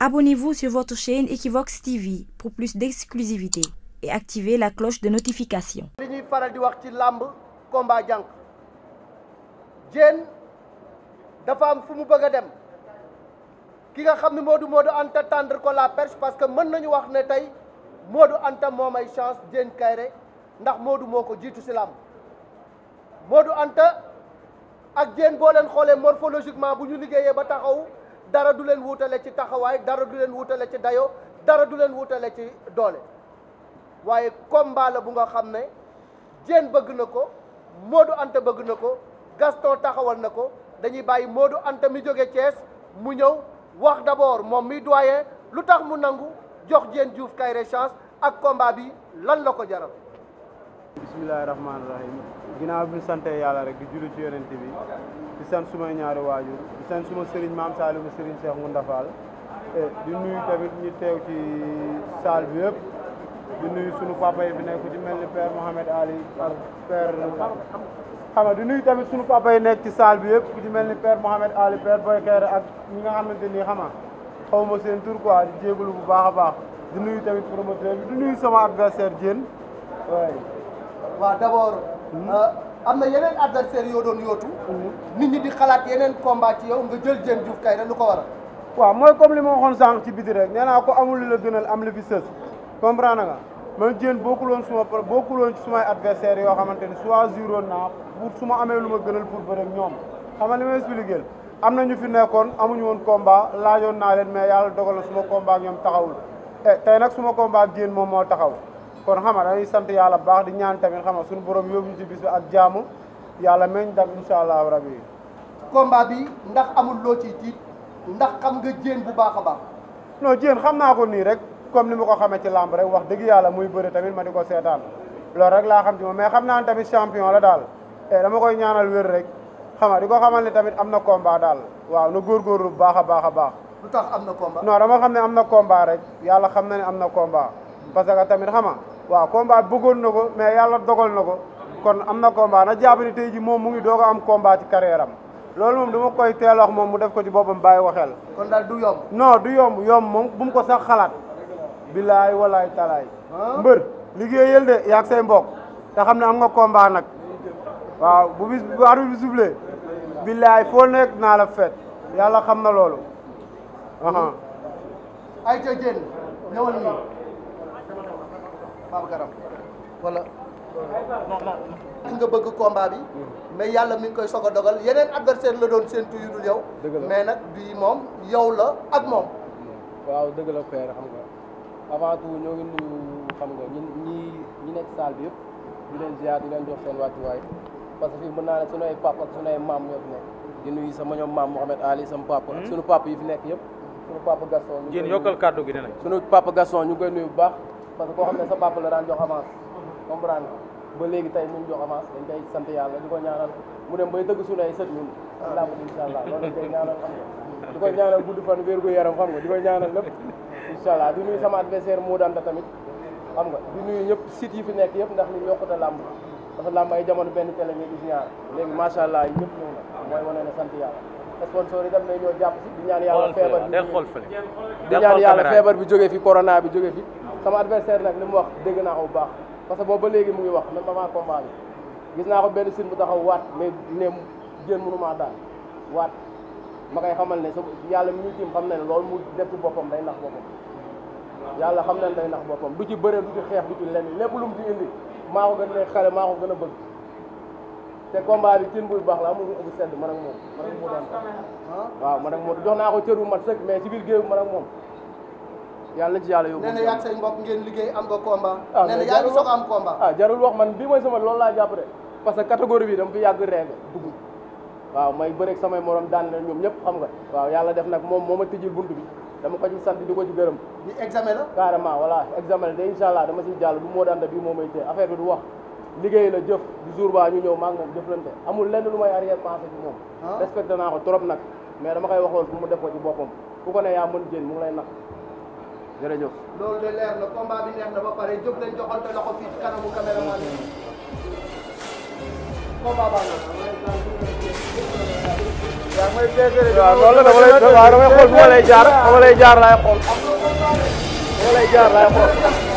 Abonnez-vous sur votre chaîne Equivox TV pour plus d'exclusivité et activez la cloche de notification. li ñuy faral di wax ci làmb combat jànk dafa am fu mu bëgg a dem ki nga xam ne Modou Modou Anta tendre ko la perse parce que mën nañu wax ne tey Modou Anta moo may chance Diène Kaïré ndax Modou moo ko jiitu si làmb Modou Anta ak Diène boo leen xoolee morphologiquement bu ñu liggéeyee ba taxaw. dara du leen wutale ci taxawaay dara du leen wutale ci dayoo dara du leen wutale ci doole waaye combat la bu nga xam ne Diène bëgg na ko Modou Anta bëgg na ko Gaston taxawal na ko dañuy bàyyi Modou Anta mi jóge Thiès mu ñëw wax d'abord moom mi doyen lu tax mu nangu jox Diène Diouf Kaïré chance ak combat bi lan la ko jaral bismillahi rahmaani rahim ginnaaw bi sante yàlla rek di julli ci yonent bi sant sumay ñaari waajur di sant suma sëriñ maam Saliou bu sëriñ Cheikh Ngounda Fall eh, di nuyu tamit ñu teew ci salle bi yëpp di nuyu sunu papa yi fi nekk ci mel ni père Mohamed Ali ak père xam nga di nuyu tamit sunu papa yi nekk ci yëpp ku ci mel ni père Mohamed Ali père Boy Kéré ak ñi nga xamante ni xam nga xaw ma seen tur quoi di bu baax a baax di nuyu tamit promoteur bi di nuyu sama adversaire Diène waaye. waaw d'abord. Hmm? Euh, am na yeneen adversaire yoo doon yootu mhm. nit ñi di xalaat yeneen combat ci yow nga jël Diène Diouf rek lu ko waral waaw mooy comme li ma waxoon sànq ci biti rek nee naa ko amul li la gënal am li fi sës comprendre nga man Diène bokkuloon suma bokkuloon ci sumay adversaire yoo xamante ne choisir woon naa pour su ma amee lu ma gënal pour bëre rek ñoom xam nga li ma expliqué am na ñu fi nekkoon amuñu woon combat laajoon naa leen mais yàlla dogal na suma combat ak taxawul eh, tey nag suma combat ak Diène moom moo taxaw kon xam nga dañuy sant yàlla baax di ñaan tamit xam nga suñu borom yóbbu ñu ci bis ak jaamu yàlla meñ dam incha allah rabi. combat bi ndax amul loo ci tiit ndax xam nga jéen bu baax a baax. non jéen xam naa ko nii rek comme ni ma ko xamee ci làmb rek wax dëgg yàlla muy bëri tamit ma di ko seetaan loolu rek laa xam ci moom mais xam naa tamit champion la daal e dama koy ñaanal wér rek xam nga di ko xamal ne tamit am na combat daal waaw na góorgóorlu bu baax a baax a baax. lu tax am na combat. non dama xam ne am na combat rek yàlla xam na ne am na combat parce que tamit xam waaw combat bëggoon na ko mais yàlla dogal na ko kon am na combat na jàpp ne tey moom mu ngi doog a am combat ci carrière am loolu moom dama koy teel moom mu def ko ci boppam bàyyi waxeel kon daal du yomb non du yomb yomb moom bum ko sax xalaat bilaay walaay talaay ah. mbër liggéeyal de yaag say te xam ne am nga combat nag waaw bu bis bu arbitre bi soufflé foo nekk naa la fet yàlla xam na loolu Pape Garam wala. non non. nga bëgg combat bi. mais yàlla mi koy soog a dogal yeneen adversaire la doon séntu yu dul yow. mais nag bii moom yow la ak moom. waaw dëgg la père xam nga avant tout ñoo ngi nuyu xam nga ñi ñi ñi nekk salle bi yëpp di leen ziar di leen jox seen wàccuwaay parce que fii mën naa ne suñu ay papa ak suñu ay maam ñoo fi nekk. di nuyu sama ñoom maam Mouhamed Ali sama papa. ak hmm? papa yi fi nekk yëpp. suñu papa Gaston. ñu kàddu gi nee nañ. suñu papa Gaston ñu ngi koy nuyu bu baax. parce que koo xam ne sa papa la daan jox avance comprendre ba léegi tey mu jox avance dañ koy sant yàlla di ko ñaanal mu dem bay dëgg suñu ay sët ñun ah. làmb incha allah loolu dañ koy ñaanal xam nga di ko ñaanal gudd fan wér gu yaram nuyu sama adversaire moo daan tamit xam nga di nuyu ñëpp site yi fi nekk yëpp ndax li yokkute làmb dafa làmb ay jamono benn télé nga gis ñaar léegi macha allah ñëpp ñëw na mooy wane ne sant yàlla sponsor yi daf lay ñoo jàpp si di ñaan yàlla feebar bi di ñaan fi corona bi jógee fi sama adversaire nag li mu wax dégg naa ko bu baax parce que boobu ba léegi mu ngi wax même avant combat bi gis naa ko benn site bu taxaw waat mais ne jën mënumaa daal waat ma koy xamal ne sa yàlla mi ñu tiim xam ne ne loolu mu def ci boppam day nax boppam yàlla xam ne day nax boppam du ci bëree du ci xeex du ci lenn lépp lu mu ci indi maa ko gën a xale maa ko gën a bëgg te combat bi cin buy baax la amul ëpp sedd man ak moom man ak moo daan waaw moo jox naa ko cër bu mais ci biir géew man ak moom yàlla ci yàlla yóbbu nee ngeen liggéey am nga combat ah, nee na yaa ngi soog am ah, bi laa jàpp de parce que catégorie bi dama fi yàgg rêve dugg waaw may bëreeg daan na ñoom ñëpp xam nga waaw yàlla def nag moom moo ma tijjil bunt bi dama ko ci sant di ko gërëm di examen la carrément voilà examen la de incha allah dama moo daan bii moo may tee affaire jëf du ñu ñëw maa ngi moom jëflante amul lenn lu may arrière pensé ci moom ah. respecté naa ko trop nag mais dama koy waxoon fu mu def ko ci boppam fu ko ne yaa mën jën mu ngi lay nax jërëjëf loolu de leer na combat bi neex na ba pare jóg leen joxante loxo fii ci kanamu caméraman yi combat baa nga waaw loolu la dama lay waaw damay xool fu ma lay jaar fu ma lay jaar laay xool fu ma lay jaar laay xool